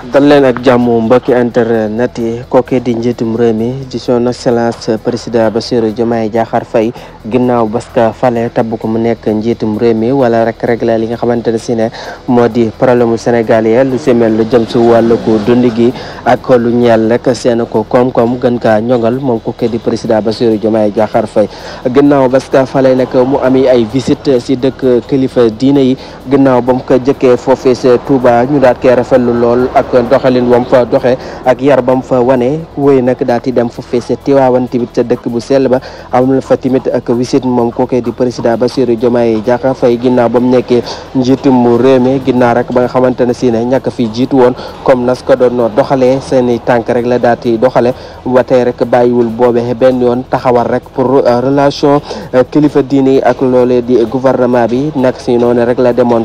dal leen ak jàmm mbokki internet yi kooke di njiitum réew mi di son excellence président Bassirou Diomaye Diakhar Faye ginnaaw parce que fale tabb ko mu nekk njiitum réew mi wala rek régler li nga xamante ne si ne moo di problème Sénégal yi lu si mel jëm si wàllu ko ak lu ñeel rek seen ko koom gën kaa ñoŋal moom kooke président Bassirou Diomaye Diakhar Faye ginnaaw parce que fale nag mu ami ay visite si dëkk kilifa diine yi ginnaaw ba mu ko jëkkee foofee sa Touba ñu daat koy rafetlu lool ak ak doxalin wam fa doxe ak yar bam fa wane wéy nag daal di dem foofee sa Tiwaawan tamit ca dëkk bu sell ba am fa tamit ak wisit moom kookee di président Bassirou Diomaye Diakhar Faye ginnaaw ba mu nekkee njiitum mu réew ginnaaw rek ba nga ne si ne ñakk fi jiitu woon comme nas ko doon doxalee seen i tànk rek la daal di doxale ba tey rek bàyyiwul boobee benn yoon taxawal rek pour euh, relation euh, kilifa diine yi ak loolee di gouvernement bi nag si noonu rek la demoon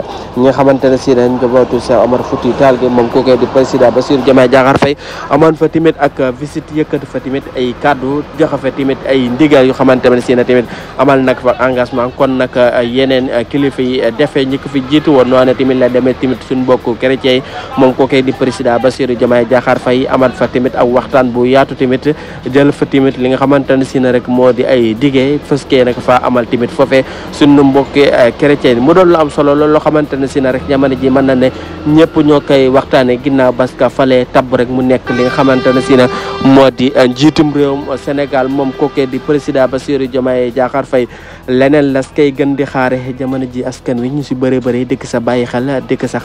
ñi nga xamante ne si ren njabootu Cheikh Omar Fouti Tall gi moom kookee di président Bassirou Diomaye Diakhar Faye amoon fa tamit ak visite yëkkati fa tamit ay kaddu joxe fa tamit ay ndigal yu xamante si na tamit amal nak fa engagement kon nag yeneen kilifa yi defee ñi fi jitu woon noonu tamit la demee tamit suñ mbokku chrétien yi moom kookee di président Bassirou Diomaye Diakhar Faye amal fa tamit ak waxtaan bu yaatu tamit jël fa tamit li nga xamante ne si na rek moo di ay digee fëskee nag fa amal tamit foofee suñ mbokki chrétien mu doon lu am solo loolu xamante ne si na rek jamono ji mën na ne ñëpp ñoo koy waxtaane ginnaaw parce que fale tabb rek mu nekk li nga xamante ne si na moo di eh, njiitum réewum Sénégal moom kookee di président Bassirou Diomaye Diakhar Faye leneen las kay gën di xaare jamono ji askan wi ñu si bëree bëri dëkk sa bàyyi xel dëkk sa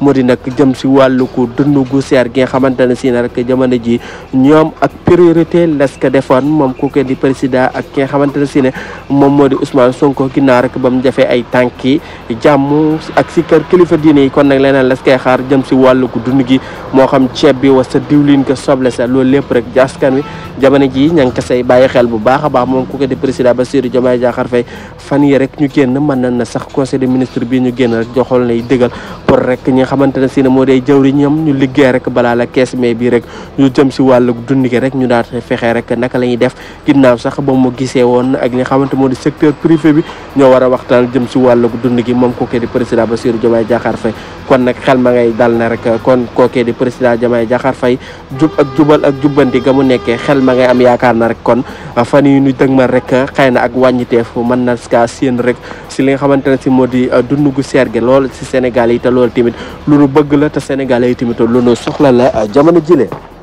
moo di nag jëm si wàllu ko dund gu seer gi nga xamante ne si na rek jamono ji ñoom ak priorité las ko defoon moom kookee di président ak ki nga xamante ne si ne moom moo di Ousmane Sonko ginnaaw rek ba mu jafee ay tànki jàmm jublu ak si kër kilifa diine yi kon nag leneen las koy xaar jëm si wàllu dund gi moo xam ceeb bi wa sa diwlin ka soble sa loolu lépp rek jaaskan wi jamono jii ña ngi ko say bàyyi xel bu baax a baax moom ku ko di président Bassirou Diomaye Diakhar na sax conseil des ministres bii ñu génn rek joxool nay dëggal pour rek ñi nga xamante ne si ne moo day jawri ñoom ñu liggéey rek balaa la 15 mai bii si wàllu dundi gi rek ñu daal fexee rek naka la ñuy def ginnaaw sax ba mu gisee woon ak li nga moo di secteur privé bi ñoo war si wàllu dund gi moom kookee di président Bassirou Diomaye Diakhar Faye kon nag xel ma ngay dal na rek kon kookee di président Diomaye Diakhar fay jub ak jubal ak jubbanti ga mu nekkee xel ma ngay am yaakaar na rek kon fan yi nu dëgmal rek xëy na ak wàññiteef mën na ska seen rek si li nga xamante ne si moo di euh, dund gu seer gi lool si Sénégal yi lool loolu lu nu bëgg la te Sénégal yi tamit lu nu soxla la euh, jamono jile